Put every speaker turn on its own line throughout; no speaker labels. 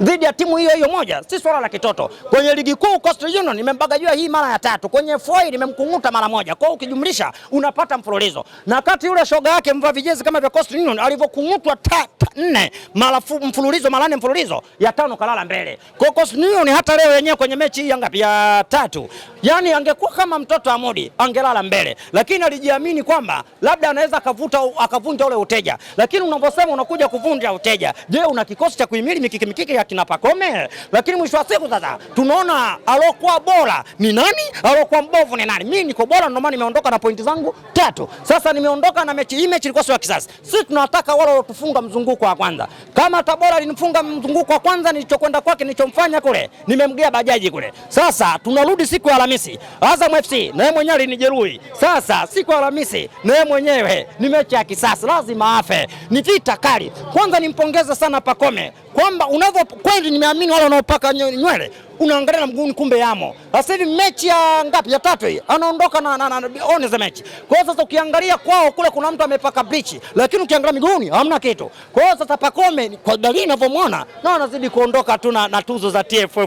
dhidi ya timu hiyo hiyo moja, si swala la kitoto. Kwenye ligi kuu Coastal Union nimembagajua hii mara ya tatu, kwenye FOI nimemkunguta mara moja, kwa ukijumlisha unapata mfululizo. Na kati yule shoga yake mvua vijezi kama vya Coastal Union alivyokungutwa nne mara mfululizo, mara nne mfululizo, ya tano kalala mbele. Kwa Coastal Union hata leo yenyewe kwenye mechi hii ngapi ya tatu, yani angekuwa kama mtoto Amudi angelala mbele, lakini alijiamini kwamba labda anaweza akavuta akavunja ule uteja, lakini unaposema unakuja kuvunja uteja, je, una kikosi cha kuhimili mikiki mikiki ya kina Pakome, lakini mwisho wa siku sasa tunaona alokuwa bora ni nani, alokuwa mbovu ni nani. Mimi niko bora, ndio maana nimeondoka na pointi zangu tatu. Sasa nimeondoka na mechi hii, mechi ilikuwa sio ya kisasa. Sisi tunataka wale walotufunga mzunguko wa kwanza. Kama Tabora alinifunga mzunguko wa kwanza, nilichokwenda kwake, nilichomfanya kule, nimemgea bajaji kule. Sasa tunarudi siku ya Alhamisi, Azam FC na yeye mwenyewe alinijeruhi. Sasa siku ya Alhamisi na yeye mwenyewe ni mechi ya kisasa, lazima afe. Ni vita kali. Kwanza nimpongeze sana Pakome kwamba unavyo kweli, nimeamini wale wanaopaka nywele unaangalia na mguuni, kumbe yamo. Sasa hivi mechi ya ngapi? Ya tatu hii anaondoka na, na, na, na one za mechi. Kwa hiyo sasa ukiangalia kwao kule kuna mtu amepaka bichi, lakini ukiangalia miguuni hamna kitu. Kwa hiyo sasa Pakome kwa dalili ninavyomwona na anazidi kuondoka tu na, tuzo za TFF.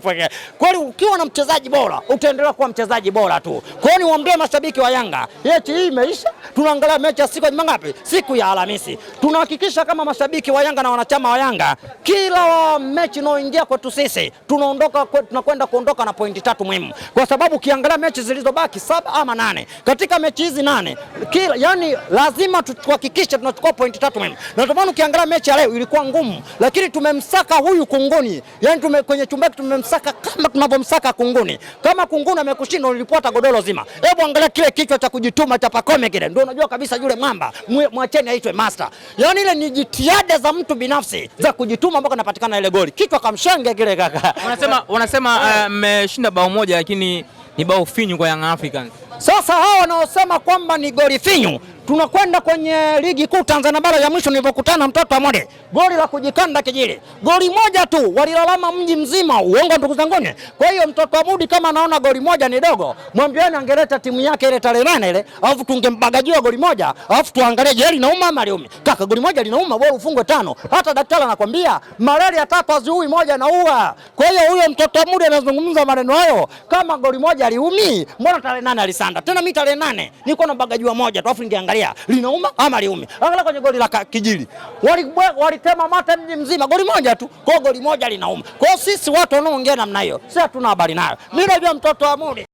Kweli ukiwa na mchezaji bora utaendelea kuwa mchezaji bora tu. Kwa hiyo niwaambie mashabiki wa Yanga, eti hii imeisha, tunaangalia mechi ya siku ya ngapi? Siku ya Alhamisi. Tunahakikisha kama mashabiki wa Yanga na wanachama wa Yanga kila kila mechi inayoingia kwetu sisi tunaondoka kwetu, tunakwenda kuondoka na pointi tatu muhimu, kwa sababu ukiangalia mechi zilizobaki saba ama nane, katika mechi hizi nane kila, yani lazima tuhakikishe tunachukua pointi tatu muhimu, na ndio maana ukiangalia mechi ya leo ilikuwa ngumu, lakini tumemsaka huyu kunguni, yani tume, kwenye chumba chetu tumemsaka kama tunavyomsaka kunguni. Kama kunguni amekushinda ulipata godoro zima, hebu angalia kile kichwa cha kujituma cha Pakome kile, ndio unajua kabisa yule mwamba, mwacheni aitwe master. Yani ile ni jitihada za mtu binafsi za kujituma mpaka inapatikana ile goli, kiko kamshenge kile kaka.
Wanasema wanasema eh. eh, mmeshinda bao moja, lakini ni bao finyu kwa Young Africans.
Sasa hawa wanaosema kwamba ni goli finyu, tunakwenda kwenye ligi kuu Tanzania bara ya mwisho, nilivyokutana mtoto Amode, goli la kujikanda kijili, goli moja tu walilalama mji mzima. Uongo ndugu zanguni. Kwa hiyo mtoto Amudi kama anaona goli moja ni dogo, mwambieni angeleta timu yake ile tarehe nane ile, alafu tungembagajiwa goli moja, alafu tuangalie, je, linauma ama liumi? Kaka, goli moja linauma, bora ufungwe tano. Hata daktari anakwambia malaria tatu haziui, moja na ua. Kwa hiyo huyo mtoto Amudi anazungumza maneno hayo, kama goli moja liumi, mbona tarehe nane alisa Sanda. Tena mimi tarehe nane niko na baga jua moja tu, afu ningeangalia linauma ama liumi. Angalia kwenye goli la Kijili walitema mate mji mzima, goli moja tu, kwa goli moja linauma. Kwa sisi watu wanaongea namna hiyo, sisi hatuna habari nayo. Mimi najua mtoto wa muli